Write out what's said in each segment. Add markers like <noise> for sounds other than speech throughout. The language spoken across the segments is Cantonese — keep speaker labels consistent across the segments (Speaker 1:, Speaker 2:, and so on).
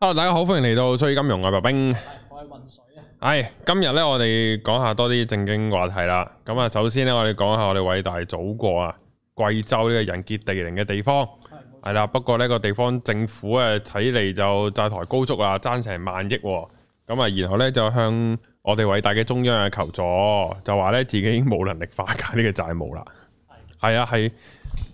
Speaker 1: Hello 大家好，歡迎嚟到《水與金融》外白兵，我係渾水啊。係、啊哎、今日咧，我哋講下多啲正經話題啦。咁啊，首先咧，我哋講下我哋偉大祖國啊，貴州呢個人傑地靈嘅地方係啦。不過呢、這個地方政府誒，睇嚟就債台高築啊，爭成萬億、哦。咁啊，然後咧就向我哋偉大嘅中央啊求助，就話咧自己已經冇能力化解個債的呢個債務啦。係係啊係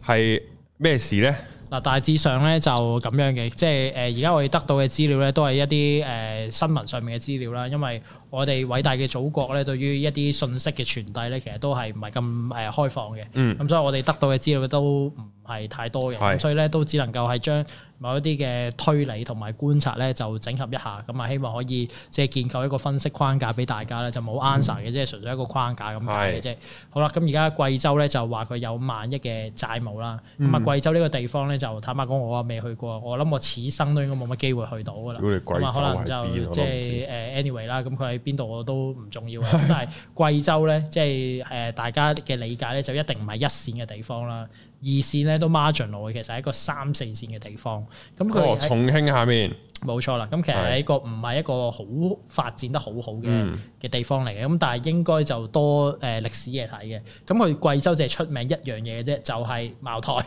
Speaker 1: 係咩事咧？
Speaker 2: 嗱，大致上咧就咁樣嘅，即係誒而家我哋得到嘅資料咧都係一啲誒、呃、新聞上面嘅資料啦，因為我哋偉大嘅祖國咧對於一啲信息嘅傳遞咧其實都係唔係咁誒開放嘅，咁、嗯、所以我哋得到嘅資料都唔係太多嘅，所以咧都只能夠係將某一啲嘅推理同埋觀察咧，就整合一下，咁啊希望可以即係建構一個分析框架俾大家咧，就冇 answer 嘅，即係、嗯、純粹一個框架咁解嘅啫。是好啦，咁而家貴州咧就話佢有萬億嘅債務啦。咁啊、嗯、貴州呢個地方咧就坦白講，我啊未去過，我諗我此生都應該冇乜機會去到噶啦。咁啊可能就即係誒 anyway 啦。咁佢喺邊度我都唔、anyway，重要。咁 <laughs> 但係貴州咧即係誒大家嘅理解咧就一定唔係一線嘅地方啦。二線咧都 margin 落去，其實喺一個三四線嘅地方。咁佢、哦、在重慶下面，冇錯啦。咁其實喺一個唔係一個好發展得好好嘅嘅地方嚟嘅。咁但係應該就多誒、呃、歷史嘢睇嘅。咁佢貴州就係出名一樣嘢嘅啫，就係、是、茅台。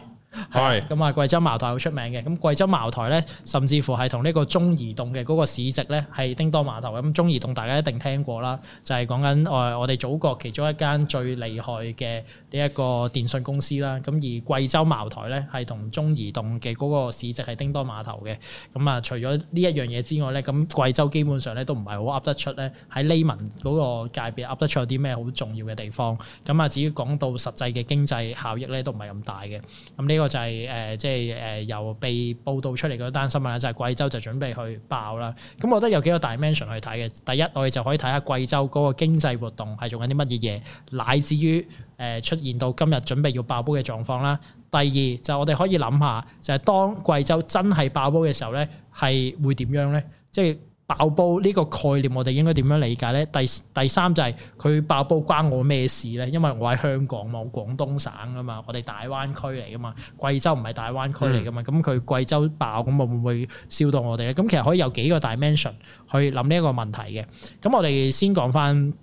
Speaker 2: 係咁啊！貴州茅台好出名嘅，咁貴州茅台咧，甚至乎係同呢個中移動嘅嗰個市值咧，係叮噹馬頭咁。中移動大家一定聽過啦，就係講緊誒我哋祖國其中一間最厲害嘅呢一個電信公司啦。咁而貴州茅台咧，係同中移動嘅嗰個市值係叮噹馬頭嘅。咁啊，除咗呢一樣嘢之外咧，咁貴州基本上咧都唔係好噏得出咧，喺 l 文嗰個界別噏得出有啲咩好重要嘅地方？咁啊，至於講到實際嘅經濟效益咧，都唔係咁大嘅。咁呢個。就係誒，即係誒，由被報道出嚟嗰單新聞啦，就係貴州就準備去爆啦。咁我覺得有幾個 dimension 去睇嘅。第一，我哋就可以睇下貴州嗰個經濟活動係做緊啲乜嘢嘢，乃至於誒出現到今日準備要爆煲嘅狀況啦。第二，就我哋可以諗下，就係當貴州真係爆煲嘅時候咧，係會點樣咧？即係。爆煲呢個概念，我哋應該點樣理解咧？第第三就係佢爆煲關我咩事咧？因為我喺香港冇廣東省啊嘛，我哋大灣區嚟噶嘛，貴州唔係大灣區嚟噶嘛，咁佢貴州爆咁會唔會燒到我哋咧？咁、嗯嗯、其實可以有幾個 dimension 去諗呢一個問題嘅。咁我哋先講返。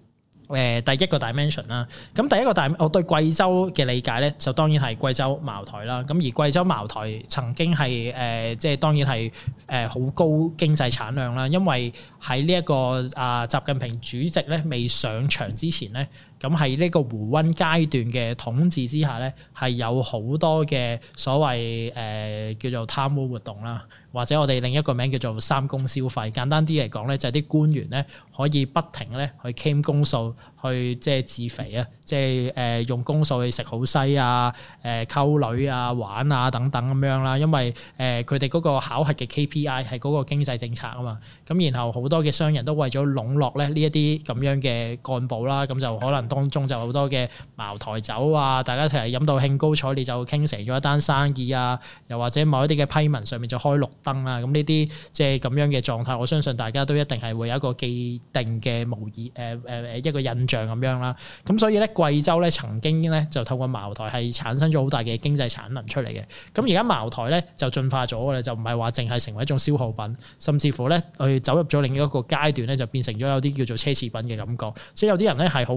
Speaker 2: 誒第一個 dimension 啦，咁第一個大，我對貴州嘅理解咧，就當然係貴州茅台啦。咁而貴州茅台曾經係誒，即、呃、係當然係誒好高經濟產量啦，因為喺呢一個啊習近平主席咧未上場之前咧。咁喺呢個胡溫階段嘅統治之下咧，係有好多嘅所謂誒、呃、叫做貪污活動啦，或者我哋另一個名叫做三公消費。簡單啲嚟講咧，就係、是、啲官員咧可以不停咧去 game 公數，去即係自肥啊，即係誒、呃、用公數去食好西啊，誒、呃、溝女啊、玩啊等等咁樣啦。因為誒佢哋嗰個考核嘅 KPI 係嗰個經濟政策啊嘛，咁然後好多嘅商人都為咗籠絡咧呢一啲咁樣嘅幹部啦，咁就可能。當中就好多嘅茅台酒啊，大家一齊飲到興高采烈，就傾成咗一單生意啊，又或者某一啲嘅批文上面就開綠燈啊，咁呢啲即係咁樣嘅狀態，我相信大家都一定係會有一個既定嘅模擬，誒誒誒一個印象咁樣啦。咁所以咧，貴州咧曾經咧就透過茅台係產生咗好大嘅經濟產能出嚟嘅。咁而家茅台咧就進化咗啦，就唔係話淨係成為一種消耗品，甚至乎咧去走入咗另一個階段咧，就變成咗有啲叫做奢侈品嘅感覺。所以有啲人咧係好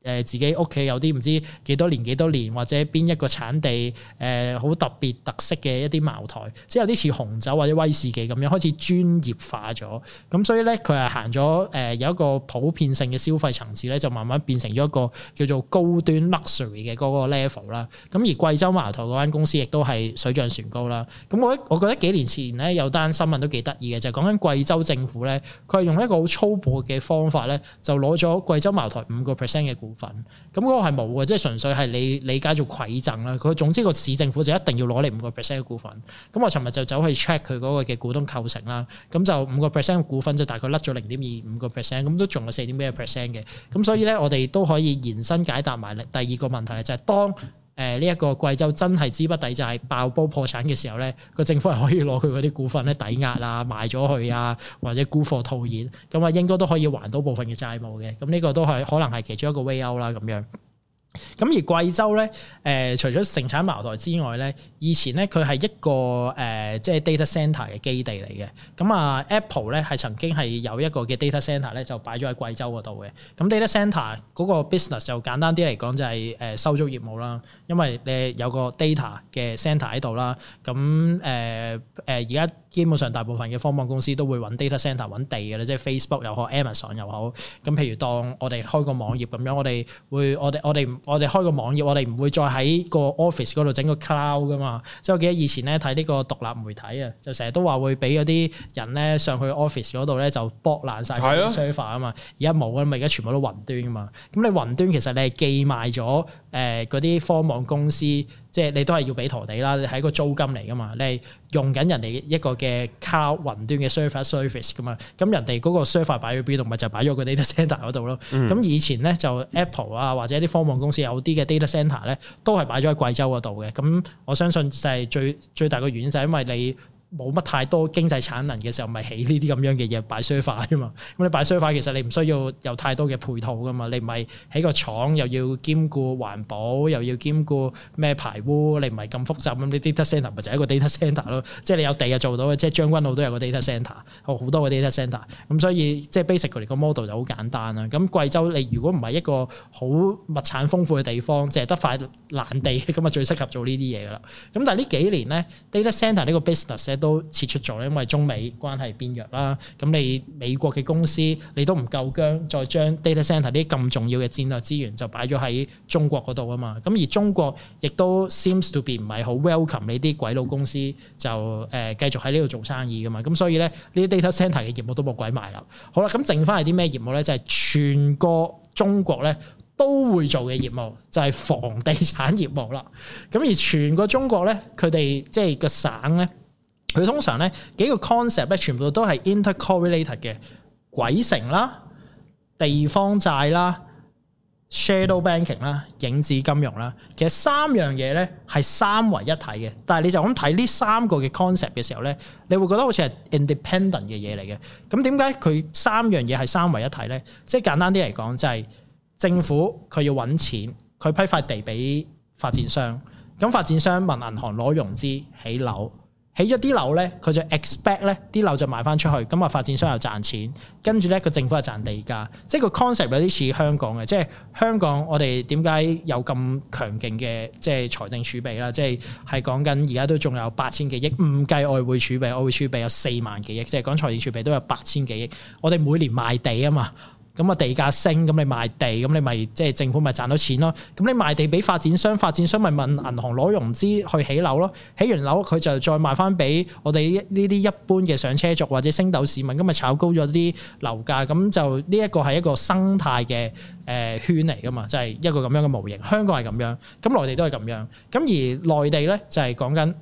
Speaker 2: 誒自己屋企有啲唔知多幾多年幾多年或者邊一個產地誒好、呃、特別特色嘅一啲茅台，即係有啲似紅酒或者威士忌咁樣開始專業化咗，咁所以咧佢係行咗誒、呃、有一個普遍性嘅消費層次咧，就慢慢變成咗一個叫做高端 luxury 嘅嗰個 level 啦、啊。咁而貴州茅台嗰間公司亦都係水漲船高啦。咁、啊、我我覺得幾年前咧有單新聞都幾得意嘅，就係、講緊貴州政府咧，佢係用一個好粗暴嘅方法咧，就攞咗貴州茅台五個 percent 嘅股。股份咁嗰個係冇嘅，即係純粹係你理解做饋贈啦。佢總之個市政府就一定要攞你五個 percent 嘅股份。咁我尋日就走去 check 佢嗰個嘅股東構成啦。咁就五個 percent 嘅股份就大概甩咗零點二五個 percent，咁都仲有四點幾 percent 嘅。咁所以咧，我哋都可以延伸解答埋第二個問題咧，就係、是、當。誒呢一個貴州真係資不抵債爆煲破產嘅時候咧，個政府係可以攞佢嗰啲股份咧抵押啊，賣咗佢啊，或者沽貨套現，咁啊應該都可以還到部分嘅債務嘅，咁、這、呢個都係可能係其中一個 way out 啦咁樣。咁而貴州咧，誒、呃、除咗盛產茅台之外咧，以前咧佢係一個誒、呃、即係 data center 嘅基地嚟嘅。咁啊，Apple 咧係曾經係有一個嘅 data center 咧，就擺咗喺貴州嗰度嘅。咁 data center 嗰個 business 就簡單啲嚟講就係誒收租業務啦，因為你有個 data 嘅 center 喺度啦。咁誒誒而家基本上大部分嘅科網公司都會揾 data center 揾地嘅啦，即係 Facebook 又好，Amazon 又好。咁譬如當我哋開個網頁咁樣，我哋會我哋我哋。我我哋開個網頁，我哋唔會再喺個 office 嗰度整個 cloud 噶嘛。即係我記得以前咧睇呢個獨立媒體啊，就成日都話會俾嗰啲人咧上去 office 嗰度咧就博爛晒佢啲 server 啊嘛。而家冇啊嘛，而家全部都雲端啊嘛。咁你雲端其實你係寄賣咗誒嗰啲科網公司。即係你都係要俾陀地啦，你係一個租金嚟噶嘛，你用緊人哋一個嘅卡 l 雲端嘅 surface service 噶嘛，咁人哋嗰個 surface 擺咗邊，同埋就是、擺咗個 data centre 嗰度咯。咁、嗯、以前咧就 Apple 啊或者啲科網公司有啲嘅 data centre e 咧都係擺咗喺貴州嗰度嘅，咁我相信就係最最大嘅原因就係因為你，冇乜太多經濟產能嘅時候，咪起呢啲咁樣嘅嘢擺 server 啊嘛。咁你擺 server，其實你唔需要有太多嘅配套噶嘛。你唔係喺個廠又要兼顧環保，又要兼顧咩排污，你唔係咁複雜。咁啲 data centre 咪就係一個 data centre 咯。即係你有地就做到嘅。即係將軍澳都有個 data centre，有好多個 data centre。咁所以即係 basically 個 model 就好簡單啦。咁貴州你如果唔係一個好物產豐富嘅地方，淨係得塊爛地，咁啊最適合做呢啲嘢噶啦。咁但係呢幾年咧，data centre 呢個 business 都撤出咗，因為中美關係變弱啦。咁你美國嘅公司，你都唔夠姜，再將 data center 呢啲咁重要嘅戰略資源就擺咗喺中國嗰度啊嘛。咁而中國亦都 seems to be 唔係好 welcome 你啲鬼佬公司就，就、呃、誒繼續喺呢度做生意噶嘛。咁所以咧，呢啲 data center 嘅業務都冇鬼賣啦。好啦，咁剩翻係啲咩業務咧？就係、是、全個中國咧都會做嘅業務，就係、是、房地產業務啦。咁而全個中國咧，佢哋即係個省咧。佢通常咧幾個 concept 咧，全部都係 intercorrelated 嘅鬼城啦、地方債啦、shadow banking 啦、影子金融啦。其實三樣嘢咧係三為一體嘅。但係你就咁睇呢三個嘅 concept 嘅時候咧，你會覺得好似係 independent 嘅嘢嚟嘅。咁點解佢三樣嘢係三為一體咧？即係簡單啲嚟講，就係政府佢要揾錢，佢批發地俾發展商，咁發展商問銀行攞融資起樓。起咗啲樓咧，佢就 expect 咧啲樓就賣翻出去，咁啊發展商又賺錢，跟住咧個政府又賺地價，即係個 concept 有啲似香港嘅，即係香港我哋點解有咁強勁嘅即係財政儲備啦？即係係講緊而家都仲有八千幾億，唔計外匯儲備，外匯儲備有四萬幾億，即係講財政儲備都有八千幾億，我哋每年賣地啊嘛。咁啊地價升，咁你賣地，咁你咪即係政府咪賺到錢咯？咁你賣地俾發展商，發展商咪問銀行攞融資去起樓咯。起完樓佢就再賣翻俾我哋呢啲一般嘅上車族或者升斗市民，咁咪炒高咗啲樓價。咁就呢一個係一個生態嘅誒圈嚟噶嘛，就係一個咁樣嘅模型。香港係咁樣，咁內地都係咁樣。咁而內地咧就係講緊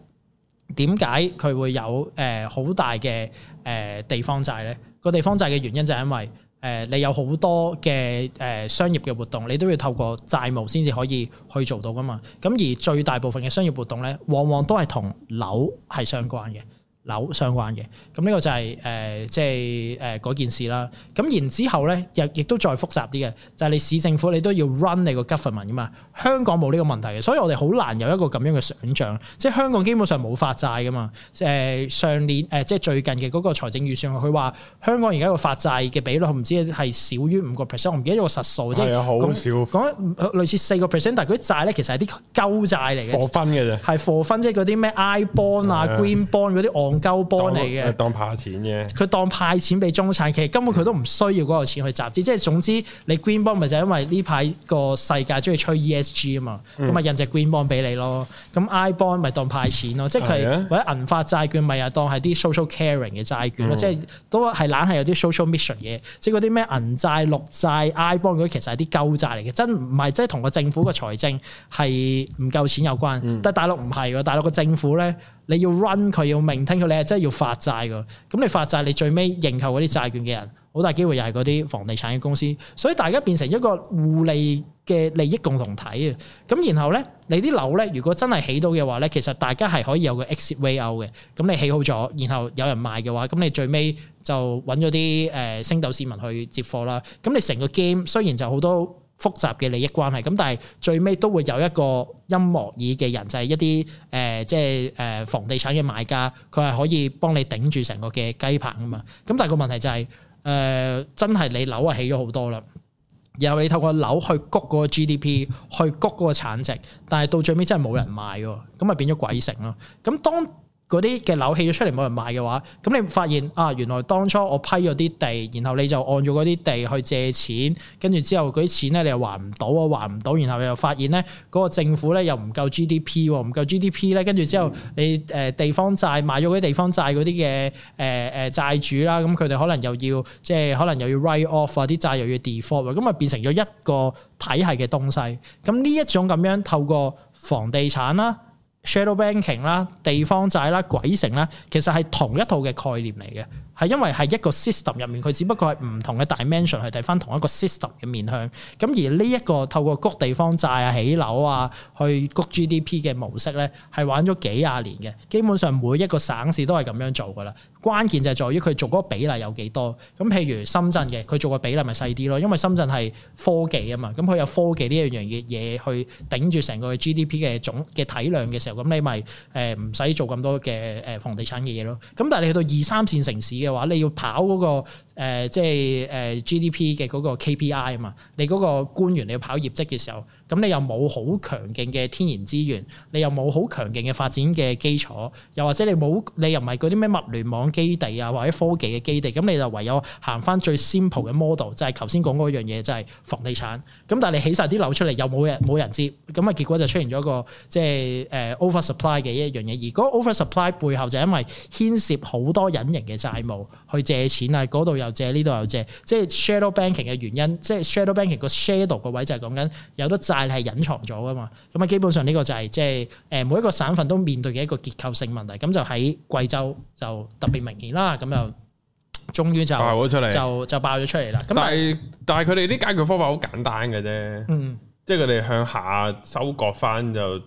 Speaker 2: 點解佢會有誒好大嘅誒地方債咧？個地方債嘅原因就係因為。誒，你有好多嘅誒商業嘅活動，你都要透過債務先至可以去做到㗎嘛。咁而最大部分嘅商業活動咧，往往都係同樓係相關嘅。樓相關嘅，咁呢個就係、是、誒、呃，即係誒嗰件事啦。咁然之後咧，又亦，亦都再複雜啲嘅，就係、是、你市政府你都要 run 你個 government 噶嘛。香港冇呢個問題嘅，所以我哋好難有一個咁樣嘅想像，即係香港基本上冇發債噶嘛。誒、呃、上年誒、呃、即係最近嘅嗰個財政預算，佢話香港而家個發債嘅比率，唔知係少於五個 percent，我唔記得咗個實數。係啊、哎，好少。講類似四個 percent，但係嗰啲債咧其實係啲鳩債嚟嘅，貨分嘅啫，係貨分，即係嗰啲咩 I bond 啊、Green bond 嗰啲按。鳩 b o 嘅，當，當，
Speaker 1: 當派錢嘅，
Speaker 2: 佢當派錢俾中產，企，實根本佢都唔需要嗰個錢去集資。嗯、即係總之，你 green bond 咪就係因為呢排個世界中意吹 ESG 啊嘛，咁咪印隻 green bond 俾你咯。咁 i bond 咪當派錢咯，嗯、即係佢或者銀髮債券咪又當係啲 social caring 嘅債券咯、嗯，即係都係懶係有啲 social mission 嘅。即係嗰啲咩銀債、綠債、i bond 嗰其實係啲鳩債嚟嘅，真唔係即係同個政府個財政係唔夠錢有關。嗯、但係大陸唔係嘅，大陸個政府咧。你要 run 佢要 maintain 佢，你係真係要發債噶。咁你發債，你最尾認購嗰啲債券嘅人，好大機會又係嗰啲房地產嘅公司。所以大家變成一個互利嘅利益共同體啊！咁然後咧，你啲樓咧，如果真係起到嘅話咧，其實大家係可以有個 exit 嘅。咁你起好咗，然後有人賣嘅話，咁你最尾就揾咗啲誒星斗市民去接貨啦。咁你成個 game 雖然就好多複雜嘅利益關係，咁但係最尾都會有一個音樂椅嘅人，就係一啲誒即係誒房地產嘅買家，佢係可以幫你頂住成個嘅雞棚啊嘛。咁但係個問題就係誒真係你樓啊起咗好多啦，然後你透過樓去谷嗰個 GDP，去谷嗰個產值，但係到最尾真係冇人買喎，咁咪變咗鬼城咯。咁當嗰啲嘅樓起咗出嚟冇人買嘅話，咁你發現啊，原來當初我批咗啲地，然後你就按咗嗰啲地去借錢，跟住之後嗰啲錢咧你又還唔到啊，還唔到，然後又發現咧嗰、那個政府咧又唔夠 GDP 喎，唔夠 GDP 咧，跟住之後你誒、呃、地方債賣咗嗰啲地方債嗰啲嘅誒誒債主啦，咁佢哋可能又要即係、就是、可能又要 write off 啊，啲債又要 default，咁啊變成咗一個體系嘅東西。咁呢一種咁樣透過房地產啦。Shadow Banking 啦、地方債啦、鬼城啦，其實係同一套嘅概念嚟嘅，係因為係一個 system 入面，佢只不過係唔同嘅 dimension，係睇翻同一個 system 嘅面向。咁而呢一個透過谷地方債啊、起樓啊去谷 GDP 嘅模式咧，係玩咗幾廿年嘅，基本上每一個省市都係咁樣做噶啦。關鍵就係在於佢做嗰個比例有幾多，咁譬如深圳嘅佢做個比例咪細啲咯，因為深圳係科技啊嘛，咁佢有科技呢一樣嘢嘢去頂住成個 GDP 嘅總嘅體量嘅時候，咁你咪誒唔使做咁多嘅誒房地產嘅嘢咯，咁但係你去到二三線城市嘅話，你要跑嗰個。誒、呃、即係誒、呃、GDP 嘅嗰個 KPI 啊嘛，你嗰個官員你要跑業績嘅時候，咁你又冇好強勁嘅天然資源，你又冇好強勁嘅發展嘅基礎，又或者你冇，你又唔係嗰啲咩物聯網基地啊或者科技嘅基地，咁你就唯有行翻最 simple 嘅 model，就係頭先講嗰樣嘢，就係、是就是、房地產，咁但係你起晒啲樓出嚟，又冇人冇人接，咁啊結果就出現咗個即係誒、呃、over supply 嘅一樣嘢。而嗰 over supply 背後就因為牽涉好多隱形嘅債務去借錢啊，度又～借呢度有借，即係 shadow banking 嘅原因，即係 shadow banking 個 shadow 個位就係講緊有得債係隱藏咗㗎嘛，咁啊基本上呢個就係即係誒每一個省份都面對嘅一個結構性問題，咁就喺貴州就特別明顯啦，咁就終於就爆咗、啊、出嚟，就就爆咗出嚟啦。
Speaker 1: 咁但係但係佢哋啲解決方法好簡單嘅啫，嗯，即係佢哋向下收割翻就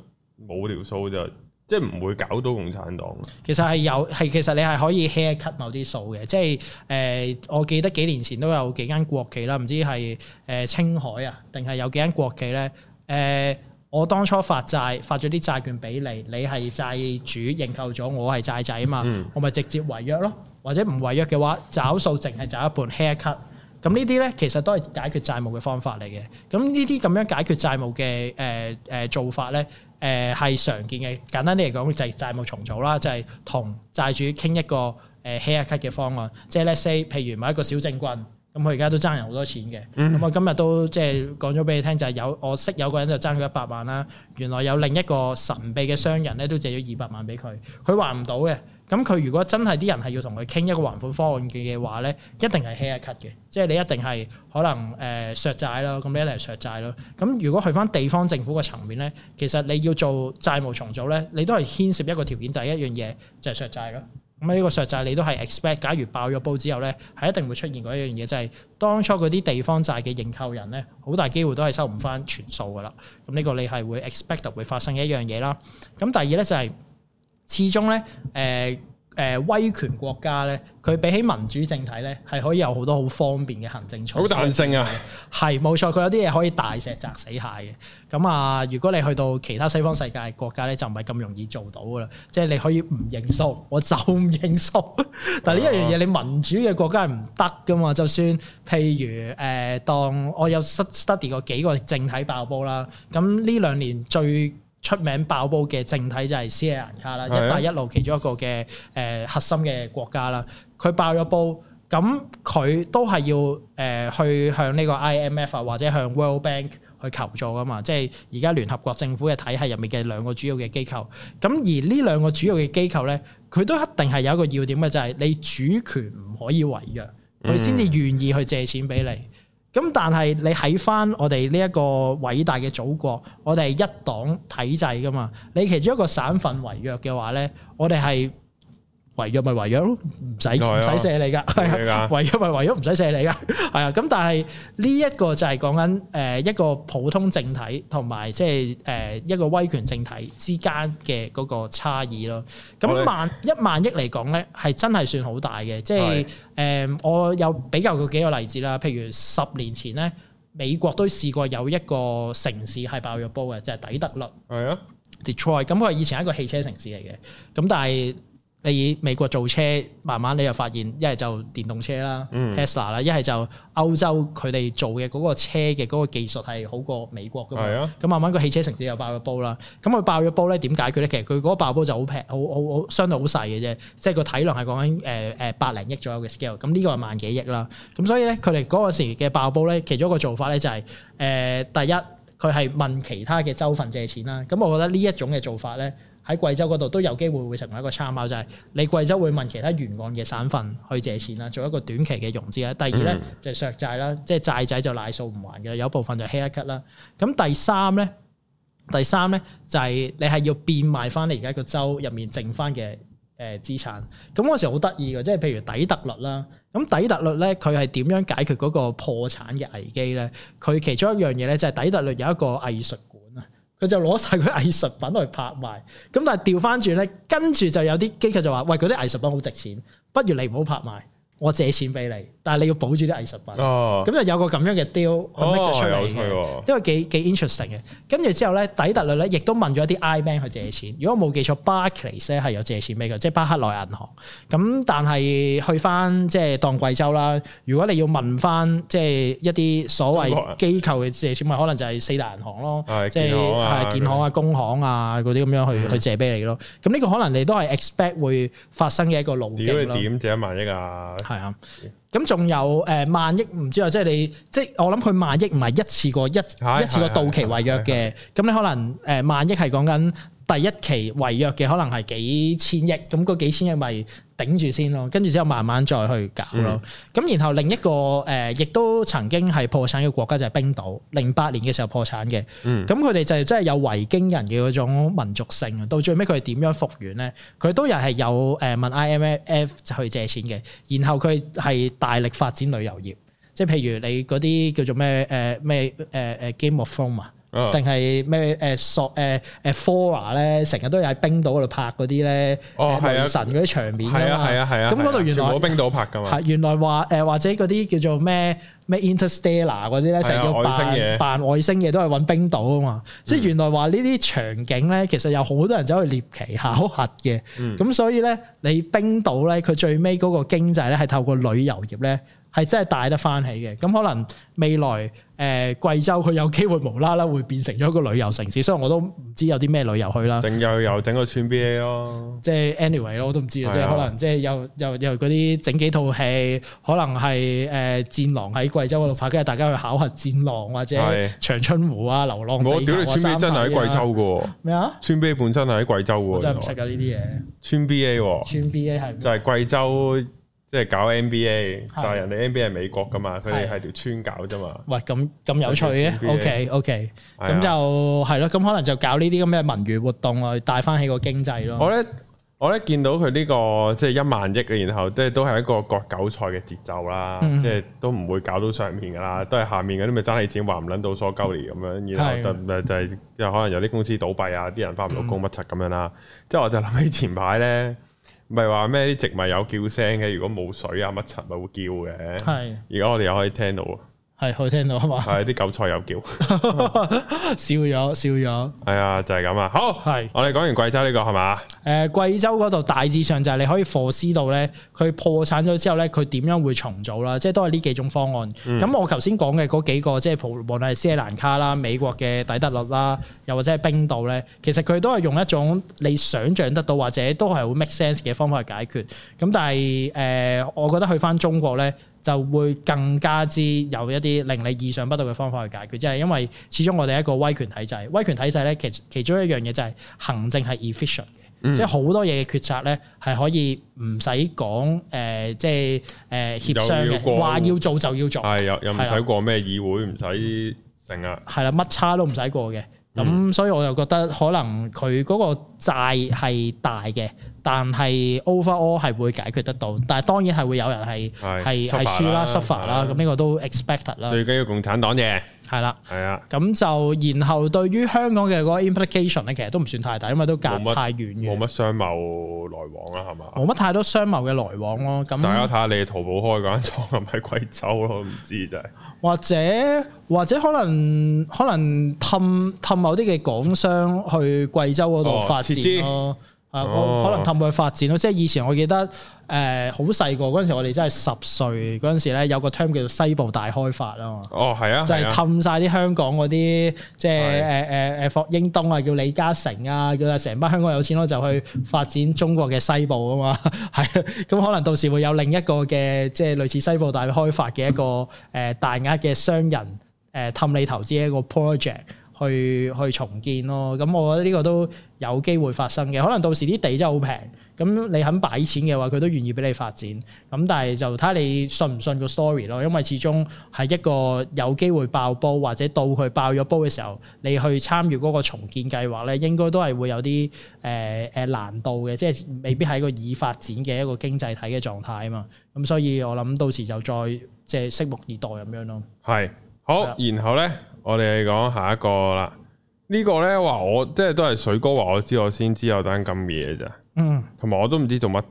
Speaker 1: 冇條數就。即係唔會搞到共產黨。
Speaker 2: 其實係有係，其實你係可以 hair cut 某啲數嘅。即係誒、呃，我記得幾年前都有幾間國企啦，唔知係誒青海啊，定係有幾間國企咧？誒、呃，我當初發債發咗啲債券俾你，你係債主認購咗，我係債仔啊嘛，嗯、我咪直接違約咯，或者唔違約嘅話，找數淨係找一半 hair cut。咁呢啲咧，其實都係解決債務嘅方法嚟嘅。咁呢啲咁樣解決債務嘅誒誒做法咧？誒係、呃、常見嘅，簡單啲嚟講就係債務重組啦，就係、是、同債主傾一個誒、呃、hea cut 嘅方案，即係 let's a y 譬如某一個小政棍，咁佢而家都爭人好多錢嘅，咁、嗯嗯、我今日都即係講咗俾你聽，就係、是、有我識有個人就爭咗一百萬啦，原來有另一個神秘嘅商人咧都借咗二百萬俾佢，佢還唔到嘅。咁佢如果真係啲人係要同佢傾一個還款方案嘅話咧，一定係 hair cut 嘅，即係你一定係可能誒、呃、削債咯，咁一定係削債咯。咁如果去翻地方政府個層面咧，其實你要做債務重組咧，你都係牽涉一個條件，第一樣嘢就係削債咯。咁呢個削債你都係 expect，假如爆咗煲之後咧，係一定會出現嗰一樣嘢，就係、是、當初嗰啲地方債嘅認購人咧，好大機會都係收唔翻全數噶啦。咁呢個你係會 expect 會發生一樣嘢啦。咁第二咧就係、是。始終咧，誒、呃、誒、呃、威權國家咧，佢比起民主政體咧，係可以有好多好方便嘅行政措施。好彈性啊的，係冇 <laughs> 錯，佢有啲嘢可以大石砸死蟹嘅。咁啊，如果你去到其他西方世界國家咧，就唔係咁容易做到噶啦。即係你可以唔認數，我就唔認數。但係呢一樣嘢，啊、你民主嘅國家係唔得噶嘛？就算譬如誒、呃，當我有 study 過幾個政體爆煲啦。咁呢兩年最，出名爆煲嘅政體就係斯里蘭卡啦，一帶一路其中一個嘅誒、呃、核心嘅國家啦。佢爆咗煲，咁佢都係要誒、呃、去向呢個 IMF 或者向 World Bank 去求助噶嘛。即係而家聯合國政府嘅體系入面嘅兩個主要嘅機構。咁而呢兩個主要嘅機構咧，佢都一定係有一個要點嘅，就係、是、你主權唔可以違約，佢先至願意去借錢俾你。嗯咁但係你喺返我哋呢一個偉大嘅祖國，我哋係一黨體制㗎嘛？你其中一個省份違約嘅話咧，我哋係。違約咪違約咯，唔使唔使寫你噶，係啊，違約咪違約，唔使寫你噶，係啊。咁但係呢一個就係講緊誒一個普通政體同埋即係誒一個威權政體之間嘅嗰個差異咯。咁萬一萬億嚟講咧，係真係算好大嘅。即係誒，我有比較過幾個例子啦。譬如十年前咧，美國都試過有一個城市係爆咗煲嘅，就係底特律。係啊，Detroit。咁佢係以前係一個汽車城市嚟嘅。咁但係你以美國做車，慢慢你又發現一係就電動車啦，Tesla 啦，一係、嗯、就歐洲佢哋做嘅嗰個車嘅嗰個技術係好過美國㗎嘛。咁、嗯、慢慢嗰個汽車城市又爆咗煲啦。咁佢爆咗煲咧點解決咧？其實佢嗰個爆煲就好平，好好好相對好細嘅啫，即係個體量係講緊誒誒百零億左右嘅 scale。咁呢個係萬幾億啦。咁所以咧，佢哋嗰個時嘅爆煲咧，其中一個做法咧就係、是、誒、呃、第一，佢係問其他嘅州份借錢啦。咁我覺得呢一種嘅做法咧。喺貴州嗰度都有機會會成為一個參考，就係、是、你貴州會問其他沿岸嘅省份去借錢啦，做一個短期嘅融資啦。第二咧就係、是、削債啦，即係債仔就賴數唔還嘅，有部分就削一削啦。咁第三咧，第三咧就係、是、你係要變賣翻你而家個州入面剩翻嘅誒資產。咁嗰時好得意嘅，即係譬如底特律啦。咁底特律咧，佢係點樣解決嗰個破產嘅危機咧？佢其中一樣嘢咧，就係底特律有一個藝術。佢就攞曬佢藝術品去拍賣，咁但係掉返轉呢，跟住就有啲機構就話：喂，嗰啲藝術品好值錢，不如你唔好拍賣，我借錢俾你。但係你要保住啲藝術品哦，咁就有個咁樣嘅 deal，去搣咗出嚟，因為幾幾 interesting 嘅。跟住之後咧，底特律咧亦都問咗一啲 I bank 去借錢。如果我冇記錯，Barclays 咧係有借錢俾嘅，即係巴克萊銀行。咁但係去翻即係當貴州啦。如果你要問翻即係一啲所謂機構嘅借錢，咪可能就係四大銀
Speaker 1: 行咯，即係係建行
Speaker 2: 啊、工行啊嗰啲咁樣去去借俾你咯。咁呢個可能你都係 expect 會發生嘅一個路徑。點
Speaker 1: 借一萬億啊？係啊。
Speaker 2: 咁仲有誒、呃、萬億唔知啊，即係你即我諗佢萬億唔係一次過一，的一次過到期違約嘅，咁你可能誒、呃、萬億係講緊。第一期違約嘅可能係幾千億，咁嗰幾千億咪頂住先咯，跟住之後慢慢再去搞咯。咁、嗯、然後另一個誒，亦、呃、都曾經係破產嘅國家就係、是、冰島，零八年嘅時候破產嘅。咁佢哋就係真係有維京人嘅嗰種民族性，到最尾佢哋點樣復原咧？佢都又係有誒問 IMF 去借錢嘅，然後佢係大力發展旅遊業，即係譬如你嗰啲叫做咩誒咩誒誒 Game o 定係咩？誒索誒誒 Fora 咧，成日都喺冰島嗰度拍嗰啲咧，雷神嗰啲場面㗎，係啊係啊係啊！咁嗰度原來冇冰島拍㗎嘛。係原來話誒，或者嗰啲叫做咩？咩 Interstellar 嗰啲咧，成日要扮扮外星嘢，星都係揾冰島啊嘛！即係、嗯、原來話呢啲場景咧，其實有好多人走去獵奇嚇核嘅。咁、嗯、所以咧，你冰島咧，佢最尾嗰個經濟咧，係透過旅遊業咧，係真係帶得翻起嘅。咁可能未來誒貴、呃、州佢有機會無啦啦會變成咗一個旅遊城市，所以我都唔知有啲咩旅遊去
Speaker 1: 啦。整又又整個村 B A 咯，
Speaker 2: 即係 anyway 咯，我都唔知啊！即、就、係、是、可能即係又又又嗰啲整幾套戲可能係誒、呃、戰狼喺。貴州嘅綠化，跟住大家去考核《戰狼》或者《
Speaker 1: 長春湖》啊，流浪。我屌你，村 B 真係喺貴州噶？咩啊？村 B A 本身係喺貴州噶？我就唔識搞
Speaker 2: 呢啲
Speaker 1: 嘢。村 B A，村 B A 係就係貴州，即係搞 N B A，但係人哋 N B A 係美國噶嘛，佢哋係條村搞啫嘛。
Speaker 2: 喂，咁咁有趣嘅，O K O K，咁就係咯，咁可能就搞呢啲咁嘅文娛活動啊，帶翻起個經濟咯。我咧。
Speaker 1: 我咧見到佢呢、呢個即係一萬億，然後即係都係一個割韭菜嘅節奏啦，嗯、即係都唔會搞到上面噶啦，都係下面嗰啲咪爭你錢，話唔撚到所鳩你咁樣。嗯、然後就係、是、可能有啲公司倒閉啊，啲人返唔到工乜柒咁樣啦。即係我就諗起前排咧，唔係話咩啲植物有叫聲嘅，如果冇水啊乜柒咪會叫嘅。係，而家、嗯、我哋又可以聽到。
Speaker 2: 係可以聽到係嘛？係
Speaker 1: 啲韭菜又叫笑咗笑咗。係啊、 <laughs> 哎，就係咁啊。好，係是我哋講完貴州呢、這個係嘛？
Speaker 2: 誒、呃，貴州嗰度大致上就係你可以 foresee 到咧，佢破產咗之後咧，佢點樣會重組啦？即係都係呢幾種方案。咁、嗯、我頭先講嘅嗰幾個，即係無論係斯里蘭卡啦、美國嘅底特律啦，又或者係冰島咧，其實佢都係用一種你想像得到或者都係會 make sense 嘅方法去解決。咁但係誒、呃，我覺得去返中國咧。就會更加之有一啲令你意想不到嘅方法去解決，即係因為始終我哋一個威權體制，威權體制咧其其中一樣嘢就係行政係 efficient 嘅，即係好多嘢嘅決策咧係可以唔使講誒即係誒協商嘅，話要，要做就要做，係又又唔使
Speaker 1: 過咩議會，唔使成啊，係啦、嗯，乜差都唔使過嘅，
Speaker 2: 咁、嗯、所以我又覺得可能佢嗰、嗰個。債係大嘅，但係 overall 係會解決得到，但係當然係會有人係
Speaker 1: 係係輸啦、suffer 啦，咁
Speaker 2: 呢個都 expected 啦。最
Speaker 1: 緊要共產黨嘅，係啦，係啊，咁
Speaker 2: 就然後對於香港嘅嗰個 implication 咧，其實都唔算太大，因為都隔太遠，
Speaker 1: 冇乜商貿來往啦，係嘛，冇乜太多商貿嘅來往咯。咁大家睇下你淘寶開嗰間廠係咪貴州咯？唔知就係
Speaker 2: 或者或者可能可能氹氹某啲嘅港商去貴州嗰度發展。
Speaker 1: 咯，啊，可能氹
Speaker 2: 佢發展咯，哦、即係以前我記得，誒、呃，好細個嗰陣時，我哋真係十歲嗰陣時咧，有個 term 叫做西部大開發啊
Speaker 1: 嘛，哦，係啊，就係氹
Speaker 2: 晒啲香港嗰啲，即係誒誒誒霍英東啊，叫李嘉誠啊，叫啊成班香港有錢佬，就去發展中國嘅西部啊嘛，係、 <laughs> 啊，咁可能到時會有另一個嘅，即係類似西部大開發嘅一個誒大額嘅商人誒氹、呃、你投資一個 project 去去，去重建咯，咁我覺得呢個都。有機會發生嘅，可能到時啲地真係好平，咁你肯擺錢嘅話，佢都願意俾你發展。咁但係就睇下你信唔信個 story 咯，因為始終係一個有機會爆煲，或者到佢爆咗煲嘅時候，你去參與嗰個重建計劃咧，應該都係會有啲誒誒難度嘅，即係未必係一個已發展嘅一個經濟體嘅狀態啊嘛。咁所以我諗到時就再即係拭目以待咁樣咯。
Speaker 1: 係好，的然後咧，我哋講下一個啦。呢個呢，話我即係都係水哥話我知，我先知有單咁嘅嘢咋。嗯、啊，同埋我都唔知做乜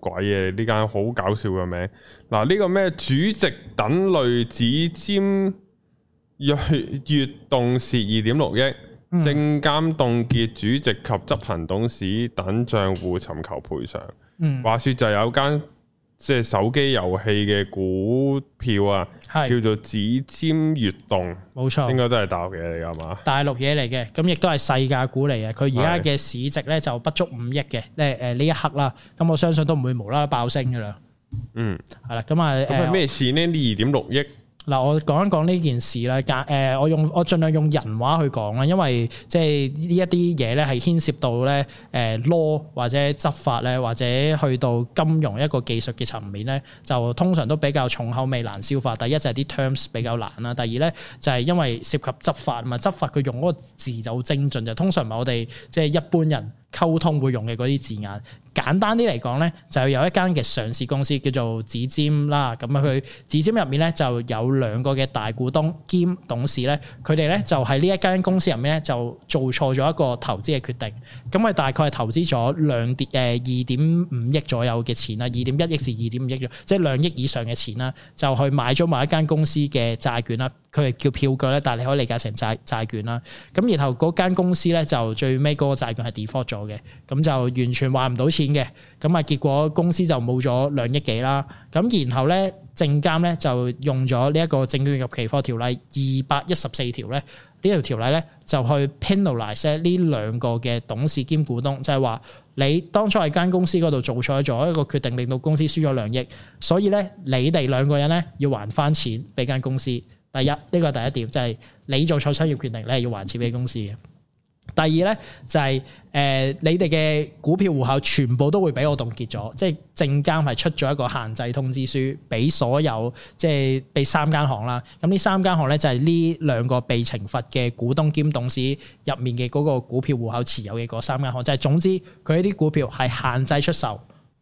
Speaker 1: 鬼嘢，呢間好搞笑嘅名。嗱，呢個咩主席等類指尖悅動蝕二點六億，證監凍結主席及執行董事等帳戶尋求賠償。嗯，話說就有間。即係手機遊戲嘅股票啊，係是叫做指尖悅動，冇錯，應該都係大陸嘢嚟㗎嘛，
Speaker 2: 大陸嘢嚟嘅，咁亦都係細價股嚟嘅。佢而家嘅市值咧就不足五億嘅，咧誒呢一刻啦，咁我相信都唔會無啦啦爆升㗎啦、嗯。嗯，
Speaker 1: 係
Speaker 2: 啦，咁啊，咩
Speaker 1: 事呢？呢二點六億。嗱，我
Speaker 2: 講一講呢件事啦。格誒，我用我盡量用人話去講啦，因為即係呢一啲嘢咧係牽涉到咧誒 law 或者執法咧，或者去到金融一個技術嘅層面咧，就通常都比較重口味難消化。第一就係啲 terms 比較難啦，第二咧就係因為涉及執法嘛，執法佢用嗰個字就精準，就通常唔係我哋即係一般人。溝通會用嘅嗰啲字眼，簡單啲嚟講咧，就有一間嘅上市公司叫做指尖啦，咁啊佢指尖入面咧就有兩個嘅大股東兼董事咧，佢哋咧就喺呢一間公司入面咧就做錯咗一個投資嘅決定，咁佢大概係投資咗兩點誒二點五億左右嘅錢啦，二點一億至二點五億，即係兩億以上嘅錢啦，就去買咗某一間公司嘅債券啦。佢係叫票據咧，但係你可以理解成債債券啦。咁然後嗰間公司咧就最尾嗰個債券係 default 咗嘅，咁就完全還唔到錢嘅。咁啊，結果公司就冇咗兩億幾啦。咁然後咧，證監咧就用咗呢一個證券及期貨條例二百一十四條咧，呢條條例咧就去 penalise 呢兩個嘅董事兼股東，就係話你當初喺間公司嗰度做錯咗一個決定，令到公司輸咗兩億，所以咧你哋兩個人咧要還翻錢俾間公司。第一呢個第一點就係、是、你做錯商業決定，你係要還錢俾公司嘅。第二咧就係、是、誒、呃，你哋嘅股票戶口全部都會俾我凍結咗，即係證監係出咗一個限制通知書俾所有，即係俾三間行啦。咁呢三間行咧就係呢兩個被懲罰嘅股東兼董事入面嘅嗰個股票戶口持有嘅嗰三間行，就係、是、總之佢呢啲股票係限制出售，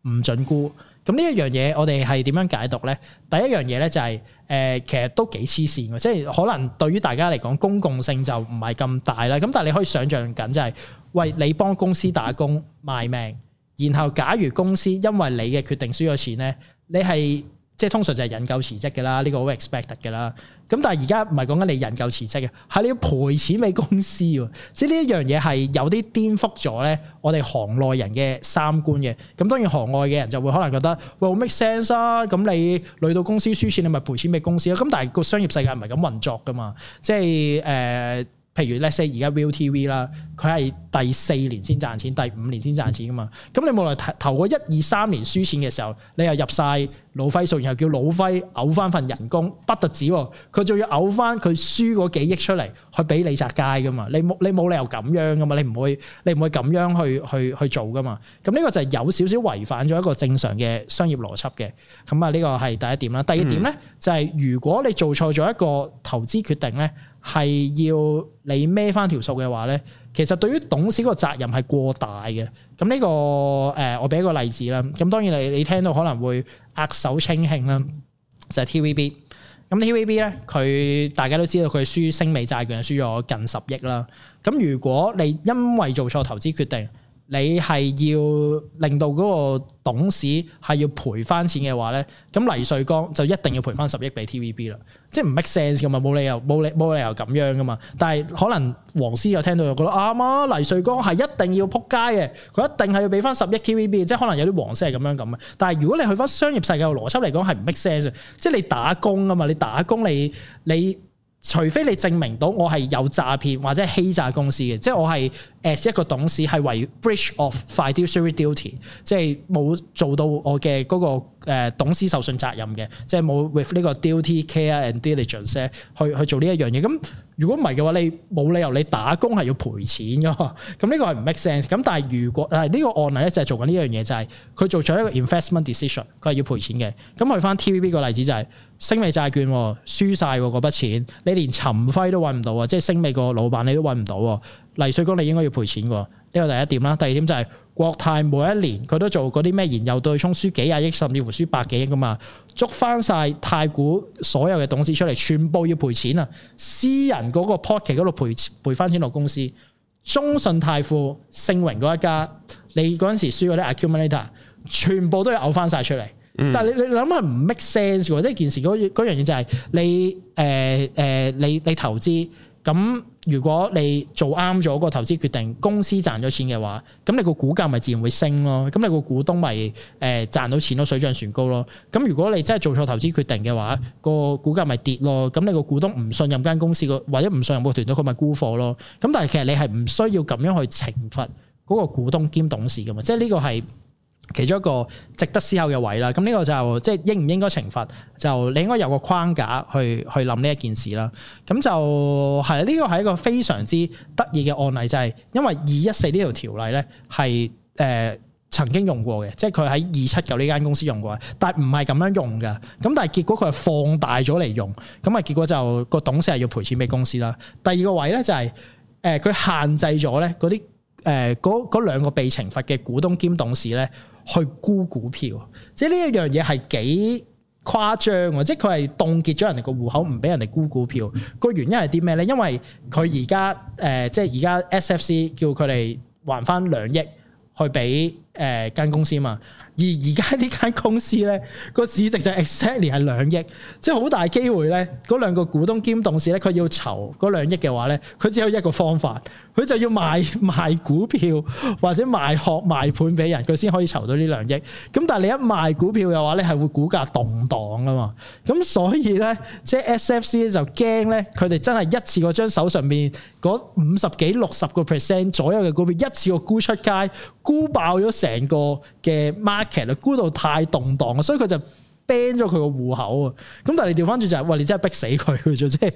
Speaker 2: 唔准沽。咁呢一樣嘢我哋係點樣解讀咧？第一樣嘢咧就係、是。誒，其實都幾黐線嘅，即係可能對於大家嚟講，公共性就唔係咁大啦。咁但係你可以想像緊，就係喂，你幫公司打工賣命，然後假如公司因為你嘅決定輸咗錢咧，你係即係通常就係引咎辭職嘅啦，呢個好 expect 嘅啦。咁但係而家唔係講緊你人夠辭職嘅，係你要賠錢俾公司喎。即係呢一樣嘢係有啲顛覆咗咧，我哋行內人嘅三觀嘅。咁當然行外嘅人就會可能覺得，喂，make sense 啊。咁你累到公司輸錢，你咪賠錢俾公司咯。咁但係個商業世界唔係咁運作噶嘛，即係誒。呃譬如，let's say 而家 ViuTV 啦，佢係第四年先賺錢，第五年先賺錢噶嘛。咁你無論投投過一二三年輸錢嘅時候，你又入晒老輝數，然後叫老輝嘔翻份人工，不特止，佢仲要嘔翻佢輸嗰幾億出嚟去俾李察街噶嘛。你冇你冇理由咁樣噶嘛，你唔會你唔會咁樣去去去做噶嘛。咁呢個就係有少少違反咗一個正常嘅商業邏輯嘅。咁啊，呢個係第一點啦。第二點咧，就係、是、如果你做錯咗一個投資決定咧。係要你孭翻條數嘅話咧，其實對於董事嗰個責任係過大嘅。咁呢、這個誒、呃，我俾一個例子啦。咁當然你你聽到可能會握手稱慶啦，就係、是、T V B。咁 T V B 咧，佢大家都知道佢輸星美債券，輸咗近十億啦。咁如果你因為做錯投資決定，你係要令到嗰個董事係要賠翻錢嘅話咧，咁黎瑞剛就一定要賠翻十億俾 TVB 啦，即係唔 make sense 噶嘛，冇理由冇理冇理由咁樣噶嘛。但係可能黃絲又聽到又覺得啱啊，黎瑞剛係一定要撲街嘅，佢一定係要俾翻十億 TVB，即係可能有啲黃絲係咁樣咁嘅。但係如果你去翻商業世界嘅邏輯嚟講，係唔 make sense 嘅，即係你打工啊嘛，你打工你你除非你證明到我係有詐騙或者欺詐公司嘅，即係我係。as 一個董事係違 breach of fiduciary duty，即係冇做到我嘅嗰個董事受信責任嘅，即係冇 with 呢個 duty care and diligence 去去做呢一樣嘢。咁如果唔係嘅話，你冇理由你打工係要賠錢嘅嘛？咁呢個係唔 make sense。咁但係如果係呢個案例咧，就係、係、做緊呢一樣嘢，就係佢做咗一個 investment decision，佢係要賠錢嘅。咁去返 TVB 個例子就係星美債券輸曬嗰筆錢，你連陳輝都揾唔到啊！即係星美個老闆你都揾唔到。黎瑞剛你應該要賠錢喎，呢個第一點啦。第二點就係國泰每一年佢都做嗰啲咩燃油對沖輸幾廿億，甚至乎輸百幾億噶嘛，捉翻晒太古所有嘅董事出嚟，全部要賠錢啊！私人嗰個 pocket 嗰度賠賠翻錢落公司，中信泰富、姓榮嗰一家，你嗰陣時輸嗰啲 accumulator，全部都要嘔翻晒出嚟。嗯、但係你你諗下唔 make sense 喎，即、就、係、是、件事嗰嗰樣嘢就係你誒誒、呃呃，你你，你投資咁。如果你做啱咗個投資決定，公司賺咗錢嘅話，咁你個股價咪自然會升咯。咁你個股東咪誒、呃、賺到錢咯，水漲船高咯。咁如果你真係做錯投資決定嘅話，個股價咪跌咯。咁你個股東唔信任間公司個，或者唔信任個團隊，佢咪沽貨咯。咁但係其實你係唔需要咁樣去懲罰嗰個股東兼董事嘅嘛。即係呢個係。其中一個值得思考嘅位啦，咁呢個就即係應唔應該懲罰，就你應該有個框架去去諗呢一件事啦。咁就係呢個係一個非常之得意嘅案例，就係、是、因為二一四呢條條例咧係誒曾經用過嘅，即係佢喺二七九呢間公司用過，但唔係咁樣用嘅。咁但係結果佢係放大咗嚟用，咁啊結果就個董事係要賠錢俾公司啦。第二個位咧就係誒佢限制咗咧嗰啲。誒嗰嗰兩個被懲罰嘅股東兼董事咧，去沽股票，即係呢一樣嘢係幾誇張啊！即係佢係凍結咗人哋個戶口，唔俾人哋沽股票。個原因係啲咩咧？因為佢而家誒，即係而家 SFC 叫佢哋還翻兩億去俾，誒間公司嘛，而而家呢間公司咧，個市值就 exactly 係兩億，即係好大機會咧。嗰兩個股東兼董事咧，佢要籌嗰兩億嘅話咧，佢只有一個方法，佢就要賣賣股票或者賣殼賣盤俾人，佢先可以籌到呢兩億。咁但係你一賣股票嘅話咧，係會股價動盪噶嘛。咁所以咧，即係 SFC 就驚咧，佢哋真係一次過將手上面嗰五十幾六十個 percent 左右嘅股票一次過沽出街，沽爆咗。成個嘅 market 啊，估到太動盪啊，所以佢就 ban 咗佢個戶口啊。咁但係調翻轉就係、是，喂，你真係逼死佢嘅啫，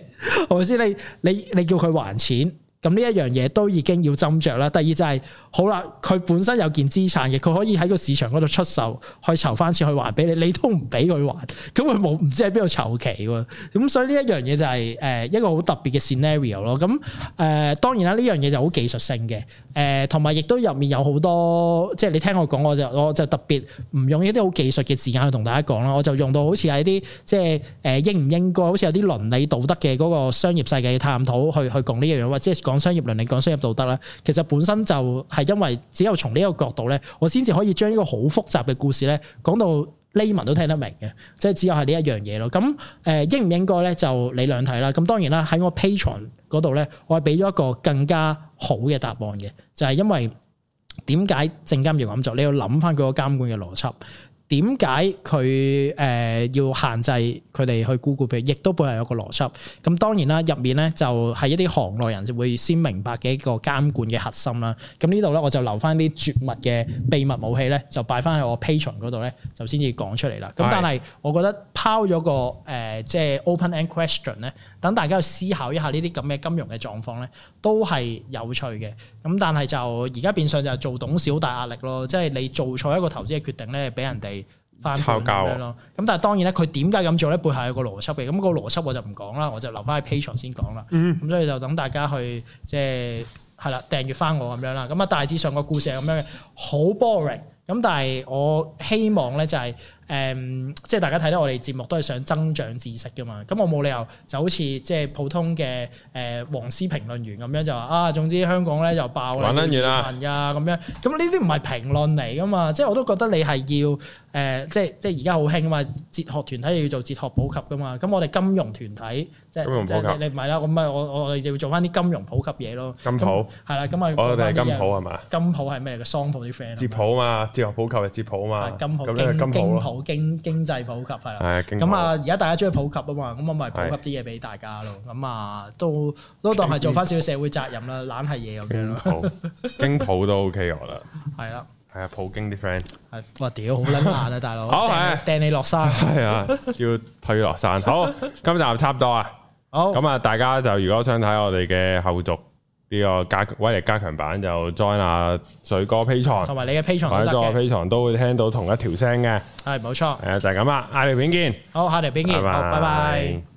Speaker 2: 係咪先？你你你叫佢還錢？咁呢一樣嘢都已經要斟酌啦。第二就係、是，好啦，佢本身有件資產嘅，佢可以喺個市場嗰度出售，去籌翻錢去還俾你，你都唔俾佢還，咁佢冇唔知喺邊度籌期喎。咁所以呢一樣嘢就係誒一個好特別嘅 scenario 咯。咁誒、呃、當然啦，呢樣嘢就好技術性嘅。誒同埋亦都入面有好多，即係你聽我講我就我就特別唔用一啲好技術嘅字眼去同大家講啦。我就用到好似係啲即係誒、呃、應唔應該，好似有啲倫理道德嘅嗰個商業世界嘅探討去去講呢一樣，或者。講商業倫理，講商業道德啦，其實本身就係因為只有從呢一個角度咧，我先至可以將呢個好複雜嘅故事咧，講到 layman 都聽得明嘅，即係只有係呢一樣嘢咯。咁誒、呃，應唔應該咧？就你兩睇啦。咁當然啦，喺我 Patreon 嗰度咧，我係俾咗一個更加好嘅答案嘅，就係、是、因為點解證監要咁做？你要諗翻佢個監管嘅邏輯。點解佢誒要限制佢哋去沽股票？亦都背後有個邏輯。咁當然啦，入面咧就係一啲行內人會先明白嘅一個監管嘅核心啦。咁呢度咧，我就留翻啲絕密嘅秘密武器咧，就擺翻喺我 Patreon 度咧，就先至講出嚟啦。咁但係，我覺得拋咗個誒、呃，即係 open end question 咧，等大家去思考一下呢啲咁嘅金融嘅狀況咧，都係有趣嘅。咁但係就而家變相就係做董事好大壓力咯，即係你做錯一個投資嘅決定咧，俾人哋。翻交咯，咁但係當然咧，佢點解咁做咧？背後有一個邏輯嘅，咁、那咁個邏輯我就唔講啦，我就留翻喺 Patreon 先講啦。咁、嗯、所以就等大家去即係係啦，訂閲翻我咁樣啦。咁啊，大致上個故事係咁樣嘅，好 boring。咁但係我希望咧就係、是。誒，即係大家睇到我哋節目都係想增長知識噶嘛，咁我冇理由就好似即係普通嘅誒黃絲評論員咁樣就話啊，總之香港咧就爆啦，移民啊咁樣，咁呢啲唔係評論嚟噶嘛，即係我都覺得你係要誒、呃，即係即係而家好興啊嘛，哲學團體要做哲學普及噶嘛，咁我哋金融團體即係即係你唔係啦，咁咪我我哋就要做返啲金融普及嘢咯。金普係啦，咁啊我哋係金普係嘛？金普係咩嘅？商普啲 friend。哲
Speaker 1: 普啊嘛，哲學普及係哲普啊嘛。咁呢金普
Speaker 2: 經經濟普及係啦，咁啊而家大家中意普及啊嘛，咁我咪普及啲嘢俾大家咯，咁啊都都當係做翻少少社會責任啦，懶係嘢咁樣咯。
Speaker 1: 好，經普都 O K 我覺得啦，係啦，係啊普京啲 friend，
Speaker 2: 我屌好撚爛啊大佬，好係掟你落山，
Speaker 1: 係啊要推落山，好，今集差唔多啊，好，咁啊大家就如果想睇我哋嘅後續。呢個加威力加強版就 join 水哥 Patreon，同埋你嘅 Patreon 都得嘅。或者 join 我 Patreon 都會聽到同一條聲嘅。係，冇錯。誒，就係咁啦，下條片見。好，下條片見，拜拜。拜拜。